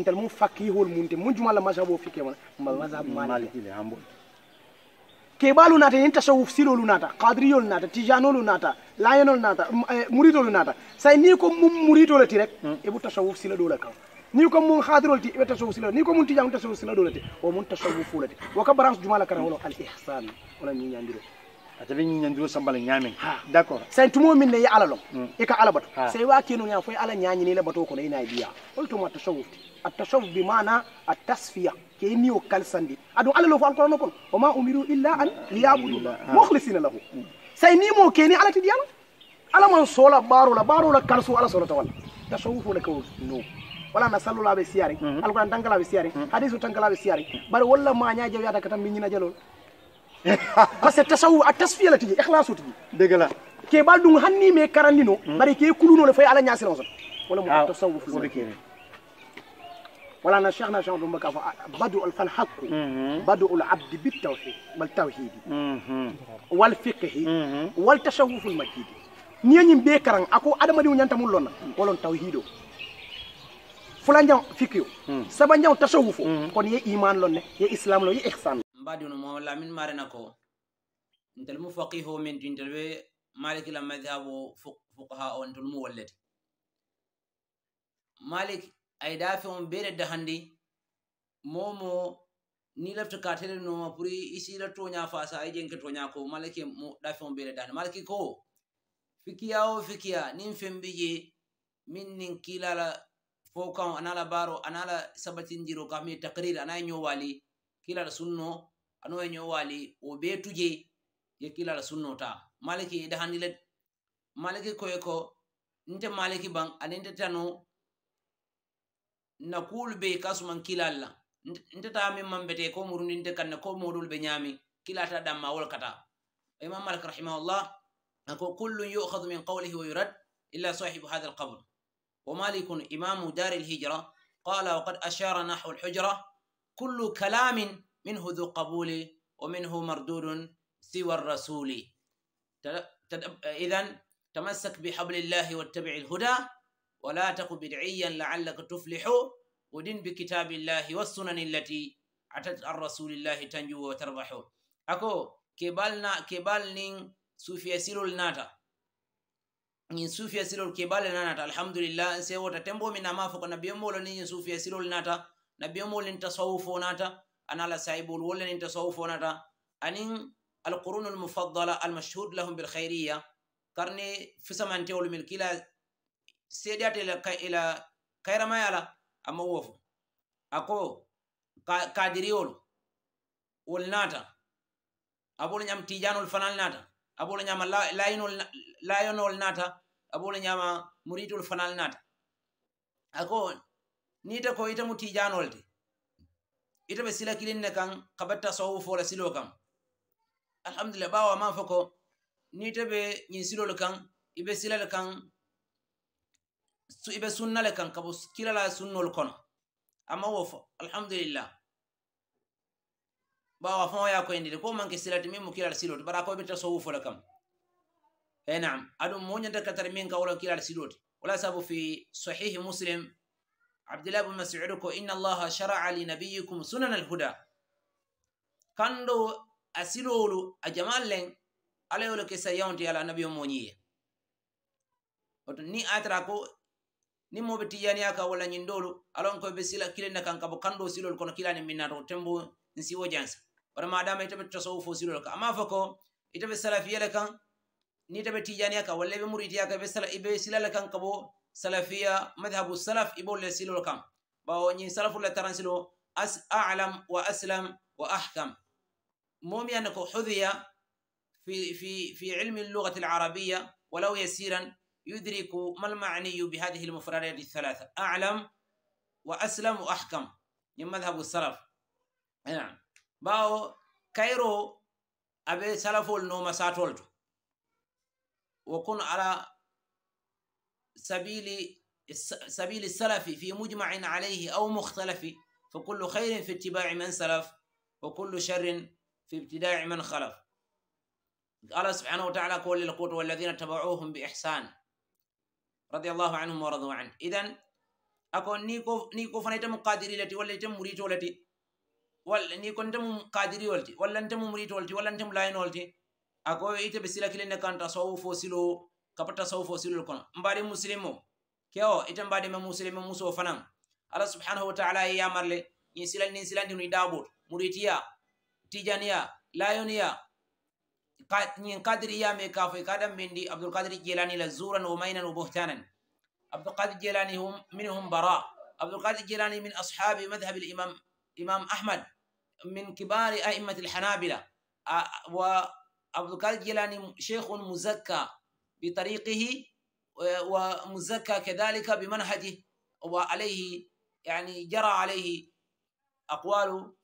ntal mun fakihol mun te mun jumala masabo fike wala mazhab maliki le ambo keɓalu nata yen tasawuf silolu nata kadriyolu nata tijanolu nata layenolu nata muritolu nata say ni ko mum muritole ti rek eɓu tasawuf sila ɗola kan ni ko mum hadirol ti eɓe tasawuf sila ni ko mun tijanu tasawuf sila ɗola ti o mum tasawuf fulati woka branche jumala karan wolo al ihsan wala ñiñandiro atabe ñiñan duro sambala ñaamen d'accord sen tumo min ne ya ala lon e mm. ka ala bato sey wa kenu ya foy ala ñaañi ne la bato ko ina biya olto ma tashawuf at-tashawuf bi mana at-tasfiya ke ni o kalsandi adu ala lo fo alquran ko o ma umiru illa an liyabudu mukhlisina lahu mm. sey ni mo ke ni ala ti diyalo ala man sola baro la baro la kalsu ala sola tawalla tashawuf la ko no wala na sallu la be siyari mm-hmm. alquran tangala be siyari mm-hmm. hadisu tangala be siyari bar walla ma nyaaje wiata katam min nyina jalol parce que tasawu a tasfiya tigi ikhlasu tigi degala ke baldum hanni me karandino bari ke kuluno le fay ala nyasira on wala mo tasawuf lo bekere wala na shaykhna shaykh dum baka fa badu al fal haqq badu al abd bit tawhid bal tawhid wal fiqh wal tasawuf al majid niyañim be karan ako adamadi ñanta mul lonna wolon tawhido fulanjaw fikyo sabanjaw tasawufo kon ye iman lonne ye islam lo ye ihsan mbadino mo walla min marena ko ntel mu faqiho min du ntel ɓe malikila madhabo fuqaha o ntel mu wallete malik ay da fewo ɓeɗedda handi momo ni lefto ka telenoma pour i sila toña fa sa ay jenke toña ko malike mo da fewo ɓeɗedda handi malike ko fikiya o fikiya nin fembi je min nin kilala fokan anala baro anala sabatinjiro kami takrir anayi ñowali kilala sunno ano e ñowali o ɓe tuje ye kilala sunnota maliki ida e handi let maliki koye ko nte maliki ban aninte tano na kuulu be kasuman kilal la nte ta min man bete ko murundi nte kanne ko modul be ñami kilata damma wol kata imam malik rahimahullah ako kullun yukhadu min qawlihi wa yurad illa sahibu hadha alqabr wa malikun imamu dar alhijra qala wa qad ashara nahwa alhujra kullu kalamin منه ذو قبول ومنه مردود سوى الرسول إذا تمسك بحبل الله واتبع الهدى ولا تك بدعيا لعلك تفلح ودن بكتاب الله والسنن التي أتت الرسول الله تنجو وتربح أكو كبالنا كبالن سوفي يسير الناتا من سوفي يسير الكبال الناتا الحمد لله سيوتا تمبو من ما فقنا نبي مولا نين سوفي يسير الناتا نبي مولا تصوفو ناتا ana ala sayibol wollaninta sowo fonata anin alqurunul mufaddala almashhud lahum bilhayriya karne fisamantewol mil kila seediyata ila, ila kayramaya la amma wofo ako kadiriyolu ka wol naata abolu ñama tijanol fanal naata abolu ñama layonol la, naata abolu ñama muritol fanal naata ako nita ko itamu tijanol te ito be sila kilin ne kan kabatta sawu fola silo kan alhamdulillah bawa man foko ni to be nyin silo kan ibe sila le kan su ibe sunna le kan kabo kila la sunno le kono amma wo fo alhamdulillah bawa fo ya ko indi ko man ke sila timi mu kila silo bara ko be ta sawu fola kan e eh, nam adu mo nyanta katar min ka wala kila silo wala sabu fi sahih muslim abdulah bu masudu ko inna allaha shara'a li nabiyikum sunan alhuda kando asirolu a jamal len alah yolo kesa yawnti yala nabiyo moñiye oto ni atara ko ni moɓe tijaniya ka walla ñindolu alon koɓe sila kilenda kanka bo kando silolu kono kilani minnato tembo n siwo jansa wara madama itaɓe tosowo fo silol ka ama fo ko itaɓe salafiyale kan ni taɓe tijaniya ka walla ɓe muritiya ka ɓe sila le kan ka bo سلفية مذهب السلف ibol le silol kam bawo ñin salaful le taransilo as alam wa aslam مومي أنك حذية في في في علم اللغة العربية ولو يسيرا يدرك ما المعني بهذه المفردات الثلاثة أعلم وأسلم وأحكم من مذهب السلف نعم يعني باو كيرو أبي سلفو النوم ساتولتو وكن على سبيل سبيل السلف في مجمع عليه أو مختلف فكل خير في اتباع من سلف وكل شر في ابتداع من خلف قال سبحانه وتعالى قول للقوت والذين تبعوهم بإحسان رضي الله عنهم ورضوا عنه اذا أكون نيكو نيكو فنيتم قادري التي ولا تم مريت ولتي ولا نيكو نتم قادري ولتي ولا نتم مريت ولتي ولا نتم لاين ولتي أكو إيت بسيلك لنا كان تصوف وسلو kapata sawfo silol kono mbaɗi musilimo ke o ita mbaɗima musilimo muso fanan allah subhanahu wa taala e yamarle in silani nin silandi no dawbot muritiya tijaniya layoniya ñin kadiriya me kafo kadam mendi abdulkadir jelani la zuran wa mainan wa buhtanan abdulkadir jelani hum minhum bara abdulkadir jelani min ashabi madhhab imam imam ahmad من كبار ائمه الحنابله وعبد القادر الجيلاني شيخ مزكى بطريقه ومزكى كذلك بمنهجه وعليه يعني جرى عليه أقوال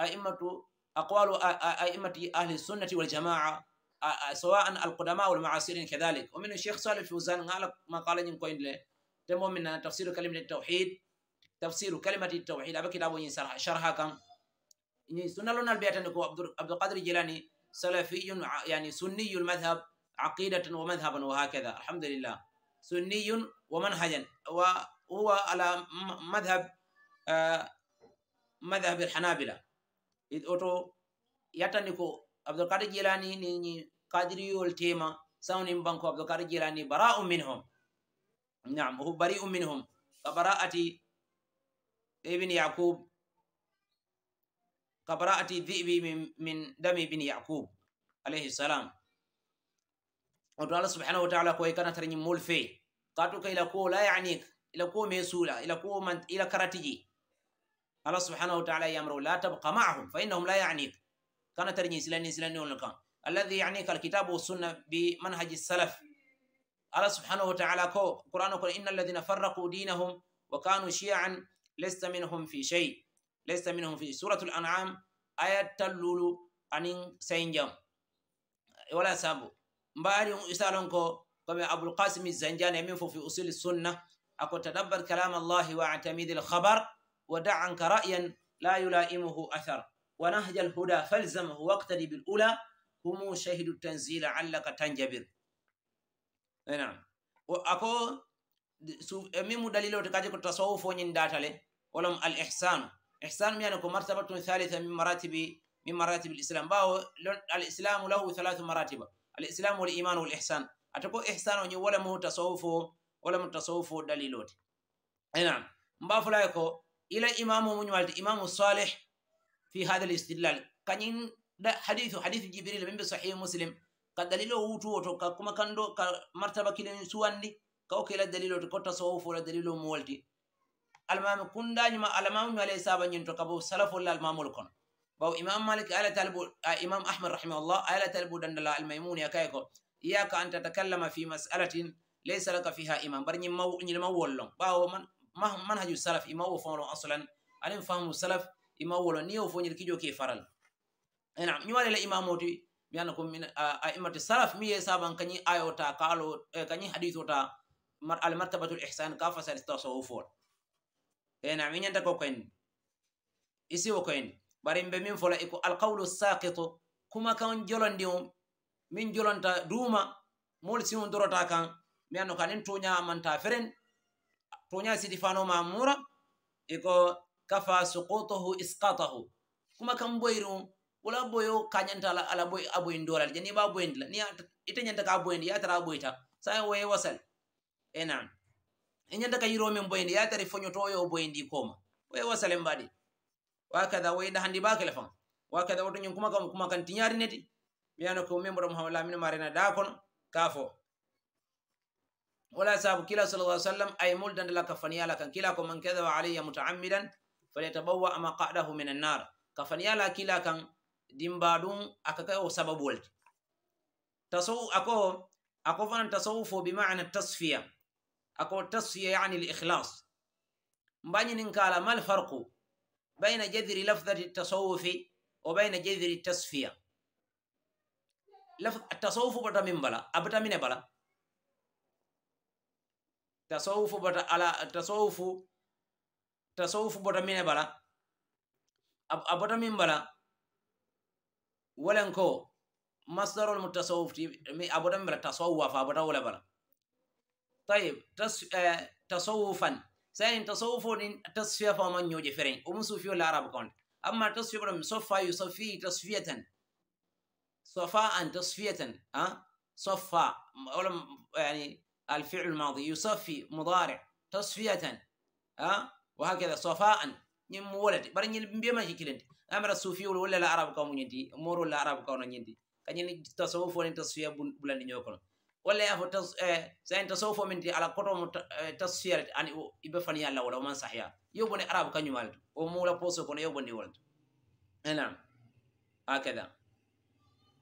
أئمة, أقوال أئمة أهل السنة والجماعة سواء القدماء والمعاصرين كذلك ومن الشيخ صال فوزان ل ما قال نكوين ل تمو من تفسير كلمة التوحيد تفسير كلمة التوحيد أبا كتاب شرها كم سنلنا البيتنك عبدالقدر جلاني سلفي يعني سني المذهب aqidatan wa madhaban wa hakada alhamdulillah sunniyun wa manhajan wa huwa ala madhab uh, madhab alhanabila id oto yattani ko abdulkadir jilani nii kadiriyol tema sawnin banko abdulkadir jilani bara um minhum nam hu bari um minhum ka bara ati ibine yacub ka bara ati dhibi min, min dami ibine yacub alayhi salam ودو الله سبحانه وتعالى كوي كانت رني مول في قاتوك إلى كو لا يعنيك إلى كو ميسولا إلى كو من إلى كراتيجي الله سبحانه وتعالى يأمر لا تبقى معهم فإنهم لا يعنيك كانت رني سلاني سلاني ولكان الذي يعنيك الكتاب والسنة بمنهج السلف الله سبحانه وتعالى كو قرآن يقول إن الذين فرقوا دينهم وكانوا شيعا لست منهم في شيء لست منهم في سورة الأنعام آية تلولو أنين سينجم ولا سابو mbaari on isalon ko komi aboulkasimi zanjane min fof fi usuli sunna ako tadabbar kalam allahi wa atamidi lhabar wa da anka ra'yan la yulaimuhu athar wa nahja lhuda falzamahu waqtadi bil ula humu shahidu tanzila allaka tanjabir eh, nam ako e, min mu dalil ote kadi ko tasawufoñin datale walam al ihsanu ihsanu miyani ko martabatun thalitha min maratibi min maratibi l'islam bawo al islamu lahu thalathu maratiba alislam wol iman wol ihsan ata ko ihsan o ñin wolemo tasawufo wolemo tasawufo dalilote enan mba fulay ko ila imamu muñumalte imamu salih fi hada listidlal kañin hadithu hadithu jibril min be sahih muslim ka dalilo wutuwo to ka kuma kando ka martaba kilin suwandi ka o kila dalilo to ko tasawufo la dalilo mo wolti almami kundañuma alamamu ñu alay saba ñin to kabo salafolla almamol kono bawo imam malik imam ahmad rahimahullah ayalatalbu dandala almaimun yakaye ko iyaka an tatakallama fi masalatin laysa laka fiha iman bar ñil mawwol lon ɓawo man haju salaf imawo fonlon aslan anin famu salaf imawolo niyo foñil kijo ke faral nam ñuwale la imamoti miyana ko aimmati salaf mi ye saban kañi ayota kalo kañi hadis ota almartabatu lihsan ka fasalistaso o fool enam iñanta ko koyen isiwo koyen barimbe min fola iko e alqawlu sakito kuma kan jolondi um min jolonta duuma mol si um dorota kan mi anno kanin tuña manta feren tuña sidi fanoma mura iko e kafa sukutuhu isqatahu kuma kan boyri um wala boyo kañantala ala boy aboyin dolal jani ba boyindi la ni ite ñanta ka boyindi yatara boyta sa woye wasal e nan e ñanta ka yiro min boyindi yatari foñotoyo boyindi koma woye wasal e mbaɗi wakada wayda handi bakele fam wakada wato nyin kuma kam kuma kan tinyari neti mi yano ko membro mo hawla min marina da kon kafo wala sabu kila sallallahu alaihi wasallam ay muldan la kafani ala kan kila ko man kada wa alayya mutaammidan falyatabawwa ama qadahu min an-nar kafani ala kila kan dimbadum akaka o sababu wal taso ako ako fan tasawufu bi ma'na tasfiya ako tasfiya yani al-ikhlas mbanyin kala mal farqu bayna jadiri lafdati tasawufi o bayna jadiri tasfiya tasawufu bata min bala abata mine bala tasawufu bata ala tasawufu tasawufu bata mine bala abata min bala wolen ko masdarol mu tasawuf ti abata min bala tasawwafa abata wole bala tayib tas, eh, tasawufan سين تصوفو دين تصفية فمن يوجي فرين ومسوفيو العرب كون أما تصفية برم صفا يصفي تصفية صفاء تصفية ها صفا يعني الفعل الماضي يصفي مضارع تصفية ها وهكذا صفاء نم ولد برين بيما جيكلنت أمر الصوفي ولا العرب كون ينتي أمور العرب كون ينتي كان ينتي تصوفو دين تصفية بلان يوكلون walla yafo sa en tasawufo min ala kotomo tasfiyare ani iɓe fani allah wala oman sahya yo bone arabe kañum alto o mula poso kono yo bonni wolto enam hakada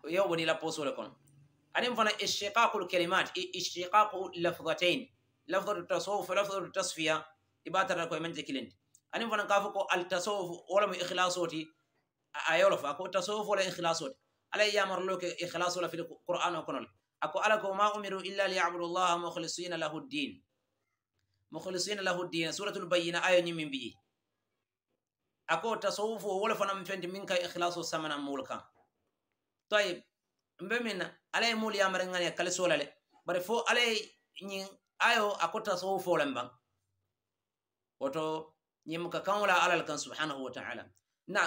yo boni la posole kono anin fana istiqaqul kalimat istiqaqu lafdatain lafdatu tasawuf lafdatu tasfiya ibatara koye mante kilindi anin fana ka fo ko altasawuf wolamo ihlasoti a yolo fa ko tasawuf wala ihlasoti alay yamarloke ihlasola fili qur'an o konole ako ala ko ma umiru illa liyabudu llaha mukhlisina lahu ddin mukhlisina lahu ddin suratul bayina ayo ñimmi mbiyi ako tasawufu o wole fana fendi min ka ikhlaso samana mul kan toyib mbe min alaye mul yamare ngani kalisola le bari fo alaye ñin ayo ako tasawufolen ban woto ñim ka kanwola alal kan subhanahu wa taala na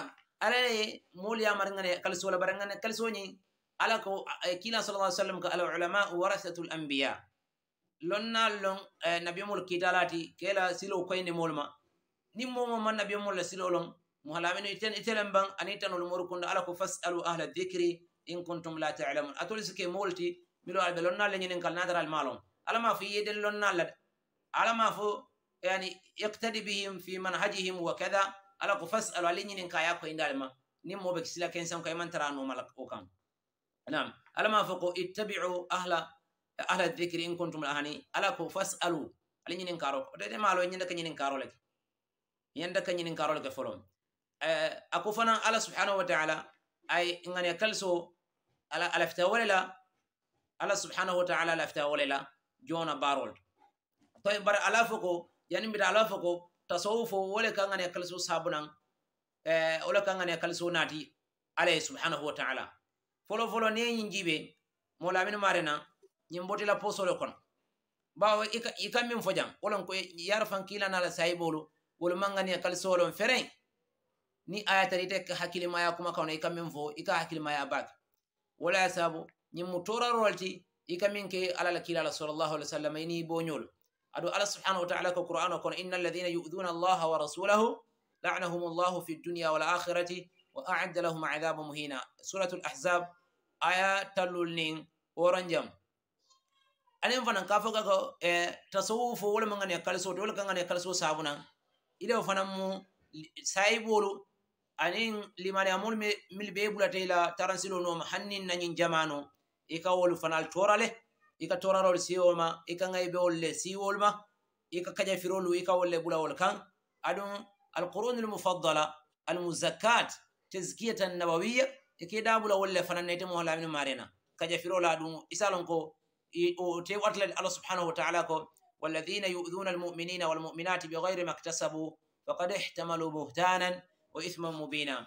alaye mul yamare ngani kalisola bare ngani kaliso ñin ala ko e, kila salla sallam ko ala ulamau warasatu l ambiya lonnal lon e, nabimol kitalati kela silo koynemol ma nin momo ma nabimol la silo lon mo halamino iten itelen ban ani tanol mor kondo ala ko fasalu ahla dicri in kuntum la talamun atol sike molti milo alɓe lonnal le ñinin kal nadaral malon ala ma fo yeden lonnal la ala ma fo yani iqtadi bihim fi manhajihim wa kada ala ko fasalu ala ñinin ka yakkoyndal ma nin moɓe silaken sen koyman taranomala o kam nam alama fo ko ittabiu ahla ahla dicri in contum lahani ala ko fasalu ala ñinin karo odede maalo ñandaka ñinin karoleke ñandaka ñinin karoleke folom eh, a ko fanan ala subhanahu wa taala ay ngane kalso ala alafta wole la ala subhanahu wa taala alafta wole la jona barol toy bara ala fo ko yani mbita ala fo ko tasawufo wole ka ngane kalso sabunan eh, wole ka ngane kalso naati alay subhanahu wa taala folofolo ne yin jibe molamin mare na yin botila posolo kon ba wa ika min fojan wolon ko yar fan kila na la saibolo wol mangani kal solon feren ni ayata rite ka hakili maya kuma ka ne ikam min fo ika hakili maya ba wala sabo yin mutora rolti ika min ke alala kila la sallallahu alaihi wasallam ini bonyol ado ala subhanahu wa ta'ala ko qur'ano kon innal ladina yu'dhuna allaha wa rasulahu la'nahumullahu fi dunya wal akhirati wa aadda lahum adaba muhina suratul ahzab aya tallul nin woronjam anin fana ka foga ko e tasawufu wala manga ne kalso to wala kanga ne kalso sabuna ile fana mu saibolu anin limani amul mil be bulata ila taransilo no hannin nanin jamano e ka wol fana torale e ka torara wol siwolma e ka ngai be wol le siwolma e ka kaja firolu e ka wol le bula wol kan adun alquranul mufaddala almuzakkat al teskiyatan nabawiya e ke dabula wolle fananne temo laamino marena kaƴa firola ɗum isalon ko te wartalade allah subhanahu wa taala ko walladina yuduna almuminina walmuminati beghayre maktasabu faqad ihtamalu buhtanan wa ithman mubina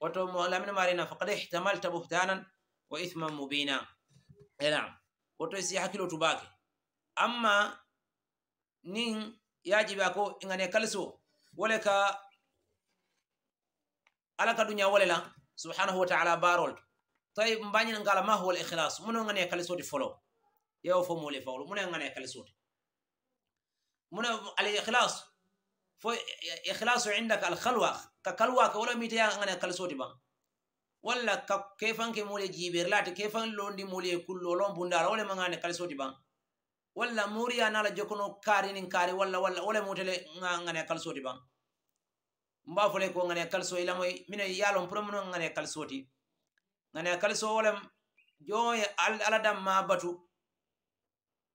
woto laamino marena faqad ihtamalta buhtanan wa ithman mubina enam woto si hakkilo tubake amma nin yajiɓa ko ngane kalis o wole ka ala ka duña wole la subhanahu wa taala barol to tawi mbañina ngala ma al ikhlas muno ngane sodi folo yewo fo mole fawlo muno ngane sodi muno al ikhlas fo ikhlasu indaka al khalwa ka kalwa ka wala mitaya ngane sodi ba wala ka kefanke mole te kefan londi mole wala ma ngane magane sodi ba wala muriya nala jokono kari nin kari wala wala wole mutele ngane sodi ba. n b'a fola ko ŋaniya kalso i e lamoy mine ye a lon puromino ŋaniya kalso ti ŋaniya kalso wo lem joŋo ye alla daŋ ma batu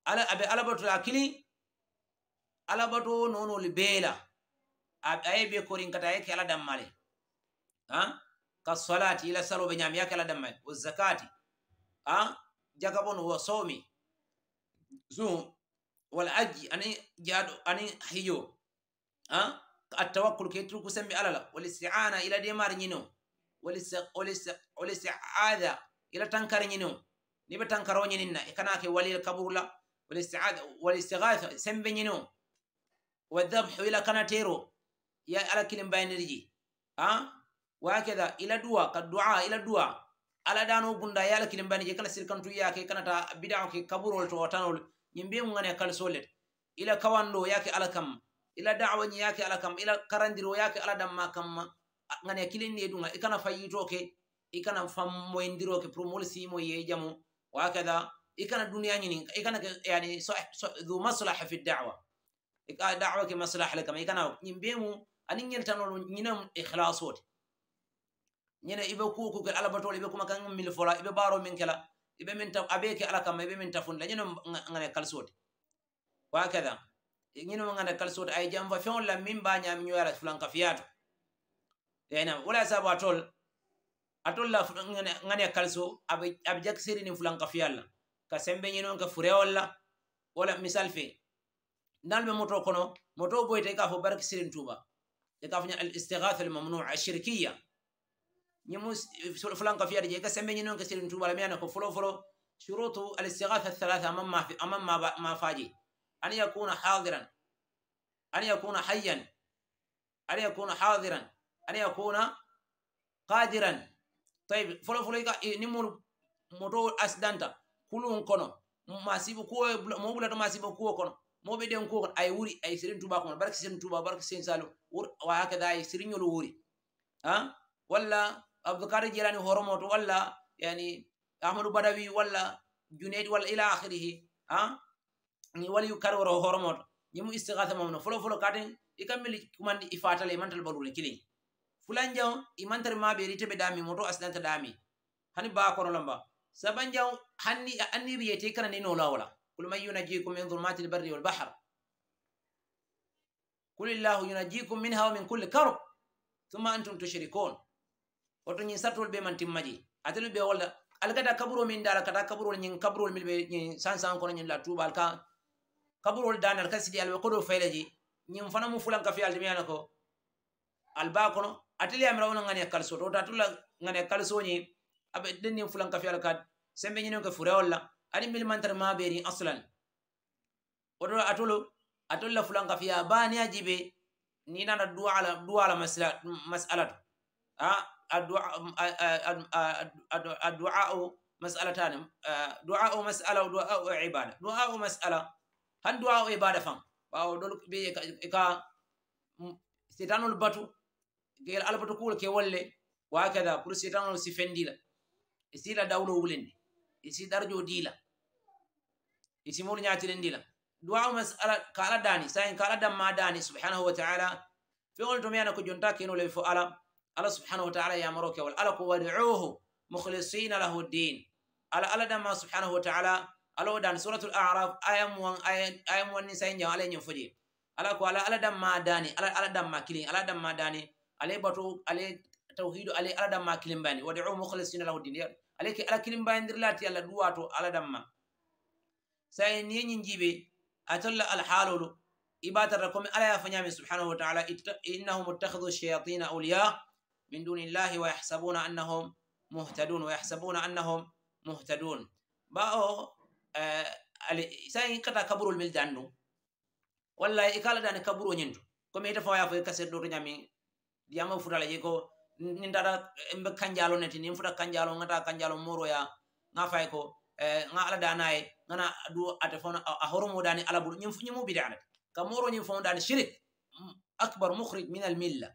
ala abe alla batu a kili alla batu wo nonolu bee la a ye be korin kata a ye ke alla daŋ ma le a ka solati i la salo be ñaami ya ke alla daŋ ma wo zakati a jakabono wo somi zum wala aji aniŋ jaado aniŋ hijo a attawakkul keturu kusembe alala walisti'ana ila demar ñino walisti'aha ila tankar ñino niɓe tankaro ñininna e kanake walil kaburula walistihaha sembe ñino wadabhu ila kanatero ya ala kilim bayndirji a wakeda ila duwa ka dua ila duwa ala dano bunda ya ala kilim bayndirji kala sirkantu yake kanata bidao ke kaburol to watanol ñimbe mu gane kalsolet ila kawanɗo yake ala kam ila dawa ñiyaake ala kam ila karandiro yaake ala damma kamma ngane kilinni e ɗuga ikana e fayitoke ikana e fammoyndiroke pour mol simo ye jamo wakada ikana e duniya ñini ikanaadu maslaha fi dawa dawa ke maslaha le kam ikana ñimbemu ani ñeltanolu ñinam ihlasote ñene iɓe kukugel alabatol iɓe kuma kan mil fola iɓe baro min kela iɓe min aɓeke ala kamma iɓe min tafunde la ñene ngane kalsote wakada ñino mo ganda kal soto ay jamfa feŋo la miŋ ba ñami ñoyala fulanka fiyaato yanama eh, wala sabu atol atol la ŋaniya kalso abe jak seri niŋ fulanka fiyal la ka sembe ñino ka furewol la wala misal fe dal be moto kono moto boyta i ka fo barki sirin tuba i ka fo ña al istigatha al mamnu a shirkiya ñimu fulanka fiyaata je i ka sembe ñino ka sirin tuba la miyana ko folo folo surutu al istigatha athalatha amaŋ mafaje ma, ma, ma, an yakuna hadiran an yakuna hayyan an yakuna hadiran an yakuna qadiran tayib folofoloy ka ni mul moto asidanta kulun kono masibu ko mo bula to masibu ko kono mo be den ko ay wuri ay sirin tuba ko barki sirin tuba barki sirin salu wur wa hakada ay sirin yolo wuri ha walla abdukar jilani horomo to walla yani ahmadu badawi walla junaid walla ila akhirih ha wali karoro hormoto ñimu istigase mom no folo folo kadin i kamili kumandi i fatale i mantal barule kilin fulan jaw i mantar mabe ri tebe dami moto asidanta dami hani ba kono lamba saban jaw hanni a anniri yete kana ni no lawla kul may yunajikum min dhulumati al barri wal bahr kul illahu yunajikum minha wa min kulli karb thumma antum tushrikun oto ni sartol be mantim maji atelu be wala algada kaburo min dara kata kaburo ni kaburo mil be ni san san kono ni la tubal kan kaburol danal kasi di alwe kodo feleji nyim fana mu fulan ka fi aldi miyana ko alba kono atili amra wona ngane kalso to tatula ngane kalso ni abe denni fulan ka fi al kad sembe nyino ka fura wala ani mil mantar ma beri aslan odo atulu atulla fulan ka fi abani ajibe ni nana du'a ala du'a ala masala mas'alat ha addu'a addu'a masalatan du'a masala du'a ibada du'a masala du hanndu waawa ibada e fam ɓaawo ɗol ɓe e ka e mm, setanol batu gel albatu kuul ke wolle wakada pour setanol si fendila e siila dawlo wulende e si ɗarjo diila e si mol ñatirendila duwaawa mas ala ka ala daani sain ka ala damma daani subhanahu wa taala feŋol to miyana ko jonta kenole fo ala ala subhanahu wa taala yamaro kewol ala ko wadiuhu mukhlisina lahu din ala ala damma subhanahu wa taala ala wo daani suratul araf aya mu wani sayin jam ala ye ñiŋ fo je ala ko ala ala daŋ ma daani ala ala daŋ ma kiliŋ ala daŋ ma daani ale bato ale tawhidu ale ala daŋ ma kiliŋ bayani wadiu mukhalisina lahu dini ale ke ala kiliŋ bayandirilaati alla duwaato ala daŋ ma saye niŋ ye ñiŋ jiibe atolla alhaalolu i baa tarta comme ala ye fo ñaami subhanahu wa taala innahum ittakhadu shayatina awliya min duni illahi wa yahsabuna annahum muhtadun wa yahsabuna annahum muhtadun baawo sai kata kaburo mil dandu wallahi ikala dani kaburo nyindu ko mi dafa ya fo kaset do nyami yama futala je ko ni dara mbe kanjalo neti ni futa kanjalo ngata kanjalo moro ya nga fay ko nga ala danaye ngana du ate fona a horomo dani ala bulu nyim nyimu bidi ala ka moro nyim fon dani shirik akbar mukhrij min al milla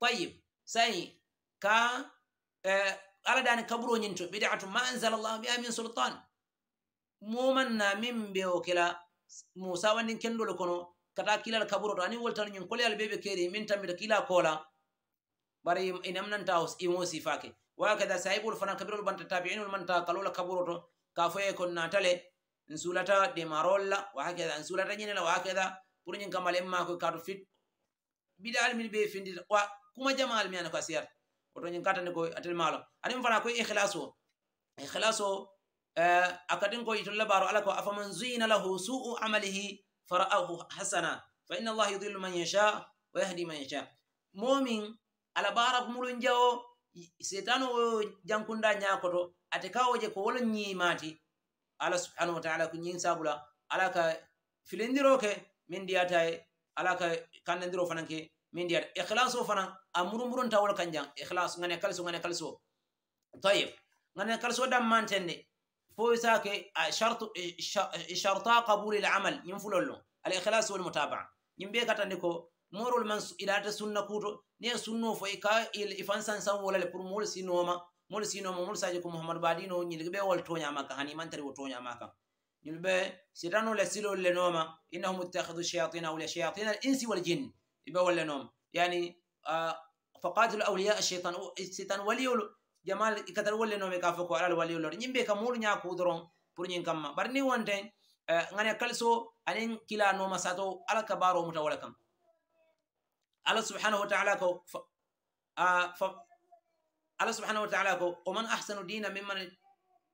tayyib sai ka ala dani kaburo nyinto bid'atu ma anzala Allah biha min sultan muman na min be o kela musa wandin kendol kono kata kilal kaburoto ani woltano ñin koleyal be ɓe keri min tambita kila kola bari inamnanta e imo e sifake wakada sahibol fana kabirol banta tabiinol manta kalola kaburoto ka foye kon natale n sulata demarol la wakada n sulata ñinela wakada pour ñin kamal en mako kato fit bidaal min be findita wa kuma jamaal mi ana ko a siyata oto ñin katande ko atel malo anim fana ko ikhlas o ikhlas o Eh, akadin ko itulla baro ala ko afaman zuyina lahu su'u amalihi fara'ahu hasana fa inna allaha yudhillu man yasha wa yahdi man yasha momin ala bara kumulun jawo setan o jankunda nyakoto ate je ko wolon mati. ala subhanahu wa ta'ala kunyin sabula ala ka filindiro ke min diyata e, ala ka kannandiro fananke min diyata e. ikhlaso fanan amurumurun tawol kanjan ikhlas ngane kalso ngane kalso tayib ngane kalso dam mantende فويساك شرط شرطا قبول العمل ينفلولو الاخلاص والمتابعه يمبي كاتانيكو morol man ilata sunna kuto ne sunno fo ka il ifan san san wala pour mol sinoma mol sinoma mol saji ko muhammad badino nyilbe wal tonya maka hani man tari tonya maka nyilbe sitano la silo le noma innahum ittakhadhu shayatin aw la shayatin al insi wal jin ibe wala nom yani faqatul awliya ash-shaytan sitan waliyul jamal ikatal wollenoɓe ka fo ko alal walliyolloto ñimɓe kam muɗu ñakou doron pour ñin kamma bar ni wonte eh, gane kaliso anin kilanoma sato ala kabaro muta wala kam allah subhanahu wa taala ko allah subhanahu wa taala ko o man ahsanu dina mimman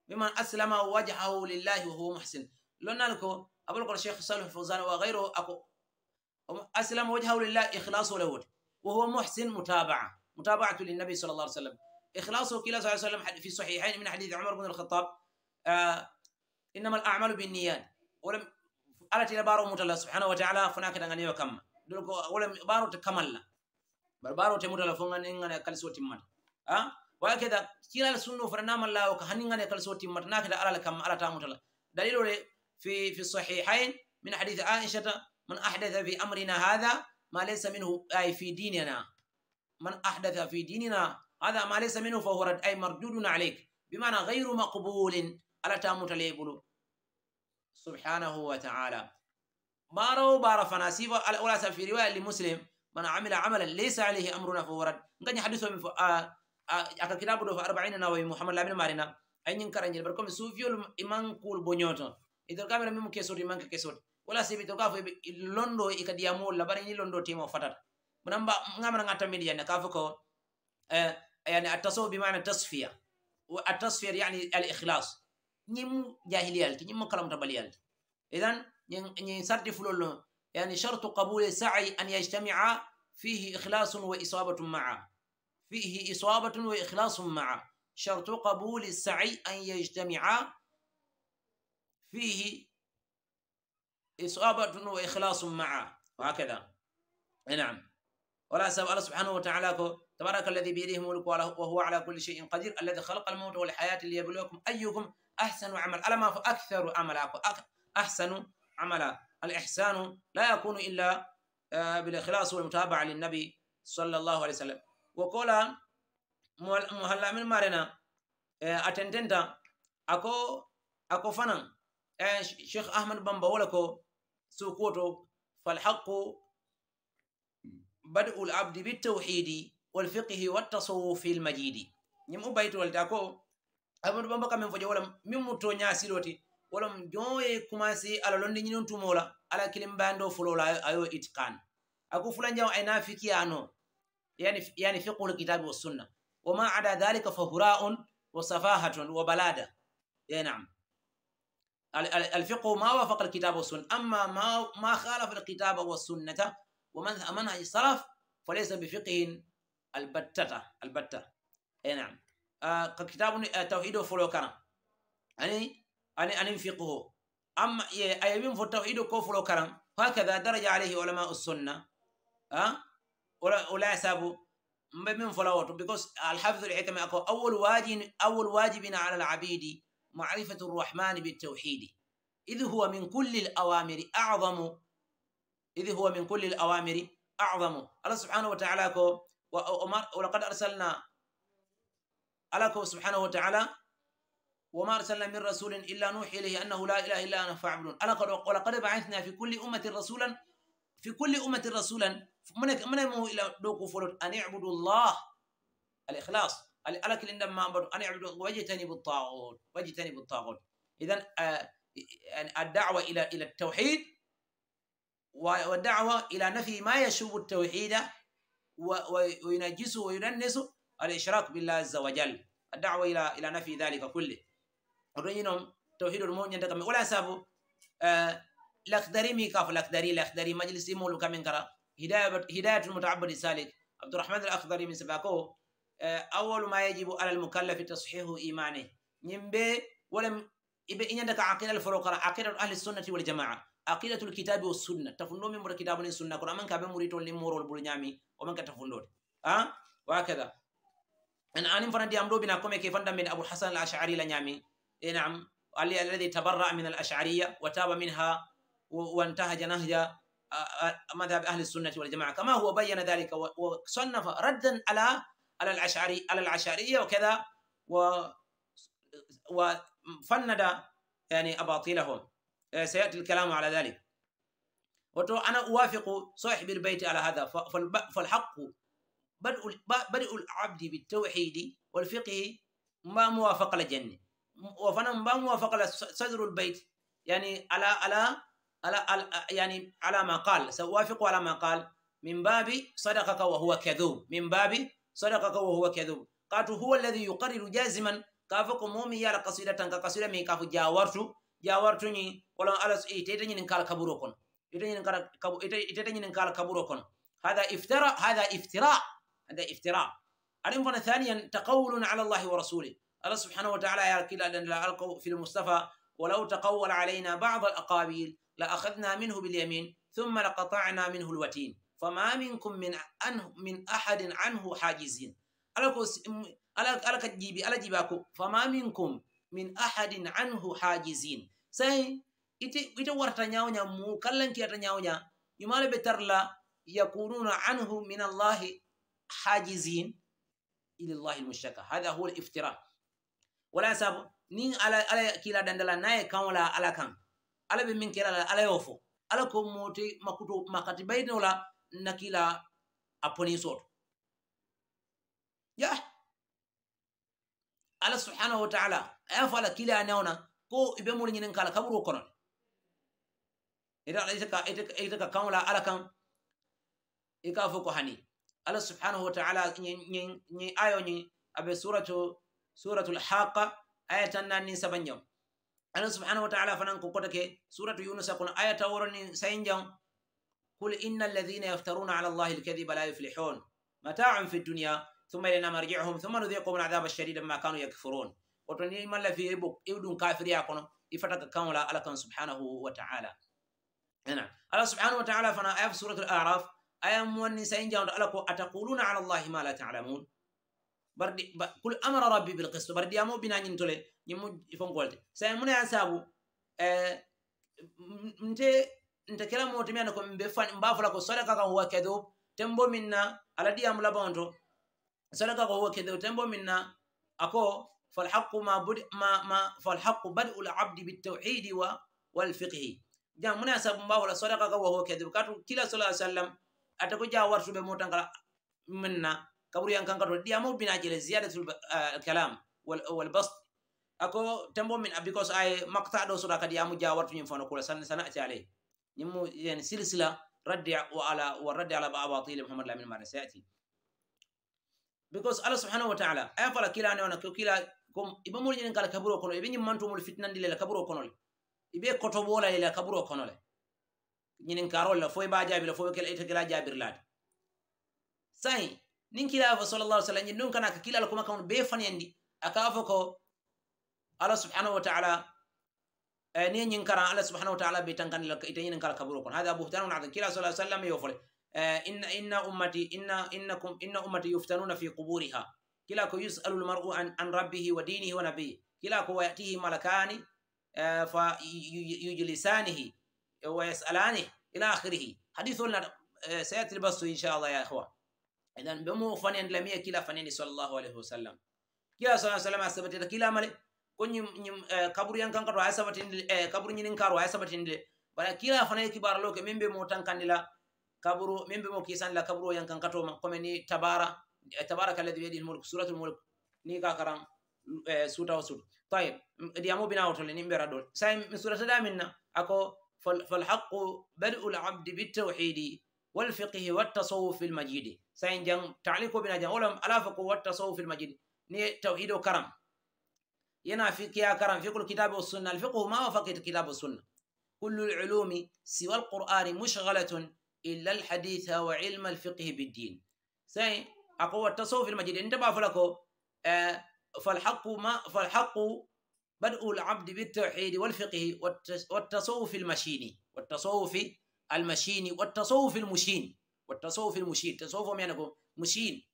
miman aslama wajhahu lillahi wahuwa muhsin lonnal ko abolkoto cheikh salih fousan wa gayro ako aslama wajhahu lillahi ikhlasu lahu wahuwa muhsin mutabaa mutabaatu linnabi sallallah ai sallam إخلاصه كلا صلى الله عليه وسلم في صحيحين من حديث عمر بن الخطاب آه إنما الأعمال بالنيات ولم ألا إلى بارو موت الله سبحانه وتعالى فناك دعني وكم ولم بارو تكمل لا بل بارو تموت تمتلا فنان إنغنا كالسو تمت آه وهكذا كلا السنة فرنام الله وكهن وكهنغنا كالسو تمت ناك ألا لكم ألا الله دليل في في الصحيحين من حديث عائشة من أحدث في أمرنا هذا ما ليس منه أي في ديننا من أحدث في ديننا hada ma laysa minhu fa hurad ay mardudun aleyk bimana gayru maqbulin ala tamuta ley bulu subhanahu wa taala baro bara fana si wala sa fi riwaya li muslim man amila amalan laysa alayhi amruna fa hurad ngani hadise omi fo aka kitabu ɗo fo arbaina nawawi mouhamad lamin marina ayñing kara njel bar comme suufiyol imankul boñooto idor kamera mimo kesot imanka kesot wala sibi to ka fo londo i kadiyamuwol la bara ñi londo timao fatata munamba ngamananga tammidi jannde ka fo ko يعني التصوف بمعنى التصفية والتصفية يعني الإخلاص نيم جاهلية نيم كلام تبليال إذا ينصرف فلول يعني شرط قبول السعي أن يجتمع فيه إخلاص وإصابة معه فيه إصابة وإخلاص معه شرط قبول السعي أن يجتمع فيه إصابة وإخلاص معه وهكذا نعم ولا الله سبحانه وتعالى تبارك الذي بيده ملك وهو على كل شيء قدير الذي خلق الموت والحياة ليبلوكم أيكم أحسن عمل ألم أكثر عملا أحسن عملا الإحسان لا يكون إلا آه، بالإخلاص والمتابعة للنبي صلى الله عليه وسلم وقال مهلا من مارنا آه، أتندنتا أكو أكو فنا إيه، شيخ أحمد بن بولكو سوكوتو فالحق بدء العبد بالتوحيد wal fiqihi wattasawufi l majidi ñim u baytowolta ko abadu bamba kamen fojo wolam min mutto ñasiloti wolam joye commencé ala londi ñinon tumola ala kilimbando fulola ayo itqan ako fulanjaw ay nafikiyano yani yani fiqhul kitabi wassunna wama ada dhalika fahuraun wa safahatun wa balada ya naam alfiqhu ma wafaqa alkitaba wassunna amma ma khalafa alkitaba wassunnata wa manhaj salaf falaysa bifiqhin البتة البتة أي نعم آه كتاب التوحيد آه، فلو كان أني أني أني فقه أما أيبين فالتوحيد كو كفلو كان هكذا درج عليه علماء السنة أه ولا ولا يسابوا من فلوات because الحفظ الحكمة أكو أول واجب أول واجب على العبيد معرفة الرحمن بالتوحيد إذ هو من كل الأوامر أعظم إذ هو من كل الأوامر أعظم الله سبحانه وتعالى كو ولقد أرسلنا ألاكم سبحانه وتعالى وما أرسلنا من رسول إلا نوحي إليه أنه لا إله إلا أنا فاعبدون ولقد بعثنا في كل أمة رسولا في كل أمة رسولا من من إلى دوق فلوت أن يعبدوا الله الإخلاص ألك أمر أن يعبدوا واجتني بالطاغون واجتني بالطاغون إذا آه، يعني الدعوة إلى إلى التوحيد والدعوة إلى نفي ما يشوب التوحيد وينجسه وينننسه الإشراك بالله عز وجل الدعوة إلى, إلى نفي ذلك كله رينهم توحيد المؤمن تكمي ولا سابو لاخدري مي كاف لاخدري لاخدري مجلس يمول كمين كرا هداية المتعبد السالك عبد الرحمن الأخضري من سباكو أول ما يجب على المكلف تصحيح إيمانه نيمبي ولم ibe iñanda ka aqida al foro kala aqida ahli sunnati wal jamaa aqidatu al kitabi was sunna tafundo min mura kitabu ni sunna ko amanka be murito ton limoro bul nyami o man ka tafundo ha wa kada an anim fanadi amdo bina ko me ke fanda min abu hasan al ash'ari la nyami e nam ali alladhi tabarra min al ash'ariyya wa taba minha wa intaha janahja ahli sunnati wal jamaa kama huwa bayyana dhalika wa هو raddan ala ala al ash'ari ala al ash'ariyya wa kada wa وفند يعني أباطيلهم آه، سيأتي الكلام على ذلك أنا أوافق صاحب البيت على هذا فالحق بدء العبد بالتوحيد والفقه ما موافق للجنة وفنا ما موافق لصدر البيت يعني على على على يعني على ما قال سأوافق على ما قال من باب صدقك وهو كذوب من باب صدقك وهو كذوب قالت هو الذي يقرر جازما kafo ko momi yala kasida tanka kasida mi kafo jawartu jawartu ni wala alas eh, itete ni kala kaburo kon itete ni kala kabu itete ni kala هذا افتراء هذا افتراء هذا افتراء الانفنا ثانيا تقول على الله ورسوله الله سبحانه وتعالى يقول أن ألقوا في المصطفى ولو تقول علينا بعض الأقابيل لأخذنا منه باليمين ثم لقطعنا منه الوتين فما منكم من, أن من أحد عنه حاجزين alaala kadi jiibi ala jiibako fama minkum min ahadin anhu hajizin sai ite, ite warata ñawña mu kallanki ata ñawña yumala ɓe tarla yakununa anhu min allahi hajizin ilallahi lmushaka hada huwa liftira wala sabu nin ala kila dandala naye kanwola ala kan ala ɓe min kela ala yo fo ala ko mote makuto makati baynola na kila a poni soto yeah ala subhanahu wa ta'ala aya fala kila anaona ko ibe mun nyinin kala kaburo kono ida ala ita ka ita ka kamala ala kan ika fo ko hani ala subhanahu wa ta'ala nyin nyin ayo nyin abe suratu suratul haqa ayatan nan nin sabanjam ala subhanahu wa ta'ala fanan ko kota ke suratu yunus kun ayata woroni sayinjam kul innal ladhina yaftaruna ala allahi alkadhiba la yuflihun mata'un fi dunya ثم إلينا مرجعهم ثم نذيقهم العذاب الشديد ما كانوا يكفرون وتن مل في بك يدون كافر يكن يفتك كملا ألك سبحانه وتعالى نا الله سبحانه وتعالى فنا آيا في سورة الأعراف أيا مني سينجاون ألك أتقولون على الله ما لا تعلمون kul amara rabbi bilkist bardiyamo binañintole ñimmo fonkolte sa mune a saabu nte nte kelamo temi ana ko mbe fan mbaa fola ko sodaka kan huwa kedo tembo min na aladiyamu labaon to sadaka ko woke dow tembo minna ako falhaqu ma bud ma ma falhaqu badu alabd bitawhid wa walfiqhi jam muna sabu ba wala sadaka ko woke dow katu kila sallallahu alaihi wasallam atako ja wartu be motan kala minna kaburi yan kanka to diamo bina jele ziyadatul eh, kalam wal wal bast ako tembo min abikos ay maqta do sadaka diamo ja wartu nyim fono kula san sana atale nyimmo yen silsila raddi wa ala wa raddi ala ba abatil muhammad lamin marasati because allah subhanahu wa taala aya fala kila ne ona kila kom ibe mulu ñinen kala kaburo kono ibe ñimmantumul fitna ndile la kaburo kono ibe koto le la kaburo kono le ñinin karol la foy ba jaabir la foy kala ita kala jabir laade sahi nin kila fa sallallahu alaihi wasallam ñin kana kila la kuma kam be fanyandi aka fo ko allah subhanahu wa taala ni ñin kara allah subhanahu wa taala be tankani la ita nyen kala kaburo kono hada buhtanun adan kila sallallahu alaihi wasallam yo fole Eh, inna inna ummati inna innakum inna ummati yuftanuna fi quburiha kila ko yusalu lmaru an, an rabbihi wa dinihi wa nabihi kila ko wayatihi malakani uh, fa yujlisanihi eh, wa yasalanih ila akhirihi hadithol na uh, sayatil basu inshallah ya ihwa ihan be mo fanen lamiya kila fanendi salllahu alayhi wasallam kila sa salam a sabatita kila male ko ñim ñim uh, kaburu yan kankato a sabatindi uh, kaburu ñinin karo a sabatindi le bara kila fanayi kibaralo ke min be mo tankandila كبروا من بمو كيسان لا كبروا ينكن كتو من قمني تبارك تبارك الذي بيده الملك سورة الملك نيكا كرام سوتا وسوت طيب ديامو بنا وتولي نمبر دول سايم من سورة دامنا أكو فالحق بدء العبد بالتوحيد والفقه والتصوف المجيد ساين جان تعليقو بنا جان ولم ألافكو والتصوف المجيد ني توحيد وكرم ينا فيك يا كرم فيك الكتاب والسنة الفقه ما وفقت الكتاب والسنة كل العلوم سوى القرآن مشغلة إلا الحديث وعلم الفقه بالدين سي أقوى التصوف المجيد انتبه فلكو آه فالحق ما فالحق بدء العبد بالتوحيد والفقه والتصوف المشيني والتصوف المشيني والتصوف المشين والتصوف المشين تصوف ميانكم يعني مشين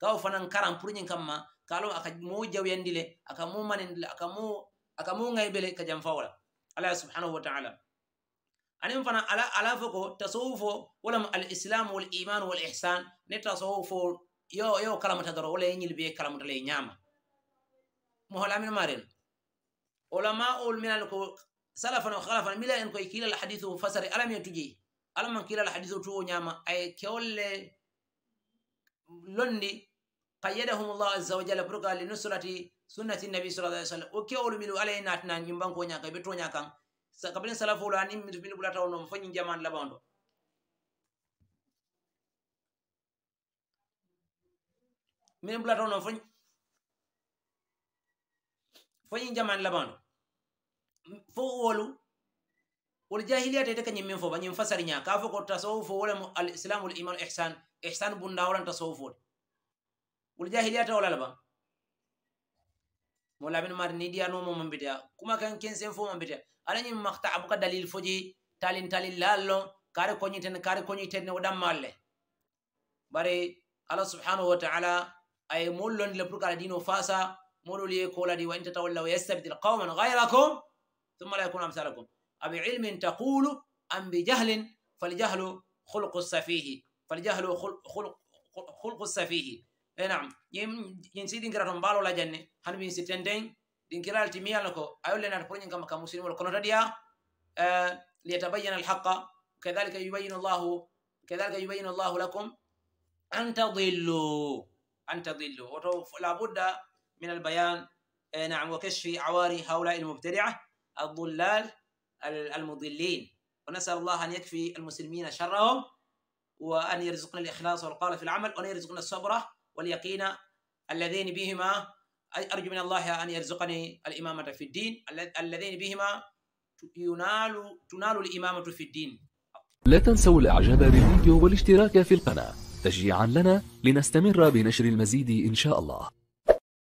كاو فنان كرام برنين كما كالو أكا مو جو يندلي أكا مو من أكا مو أكا مو غيبلي كجنفاولا الله سبحانه وتعالى anin fana ala ala foko tasawufo wala mu al islam wal iman wal ihsan ne tasawufo yo yo kalamu ta wala yinyil be kalamu ta lay nyama mu hala min marin ulama ul min al salafan wa khalafan mila en ko kila al hadithu fasari alam yatuji e alam man kila al hadithu tu nyama ay kewle londi qayyadahum allah azza wa jalla burqa li nusrati sunnati nabi sallallahu alaihi wasallam o kewlu milu alayna tan nyimban ko nyaka e be to nyakan kabini salafolu ani min bulata wonoo fo ñin jamani labando min bulata wonoo fo fo ñin jamani labando fo wolu wol jahiliyate te kañin min fo ba ñin fasariña ka fo ko tasawuf o wolemo alislamu liman ihsan ihsan bunda wolan tasawufode wol jahiliyate wola laba mo labin mari ni diyanomo mambitea kuma kan kensen fo mambitea alañin maxta abuka dalil foji talin talin lallon kari koñiten kari koñitenne wo dammalle bari allah subhanahu wa taala aye molu londile pour que ala dino fasa molol ye koladi wa intatawallaw yastabdil qauman gairakum thumma la yakun amsalakum abi ilmin taqulu am bi jahlin falijahlu xulqu safihi falijahlu xulqu safihi e eh, nam ñin sidingiraton mbalo la janne hanmin si tenteng din kira altimi yalla ko ayolle na ko nyinga maka muslimu ko no tadiya liyatabayyana alhaqa kadhalika yubayyinu Allahu kadhalika yubayyinu Allahu lakum an tadhillu an tadhillu la budda min albayan نعم وكشف عواري هؤلاء المبتدعة الضلال المضلين ونسأل الله أن يكفي المسلمين شرهم وأن يرزقنا الإخلاص والقال في العمل وأن يرزقنا الصبر واليقين الذين بهما أرجو من الله أن يرزقني الإمامة في الدين الذين بهما ينال تنال الإمامة في الدين لا تنسوا الإعجاب بالفيديو والاشتراك في القناة تشجيعا لنا لنستمر بنشر المزيد إن شاء الله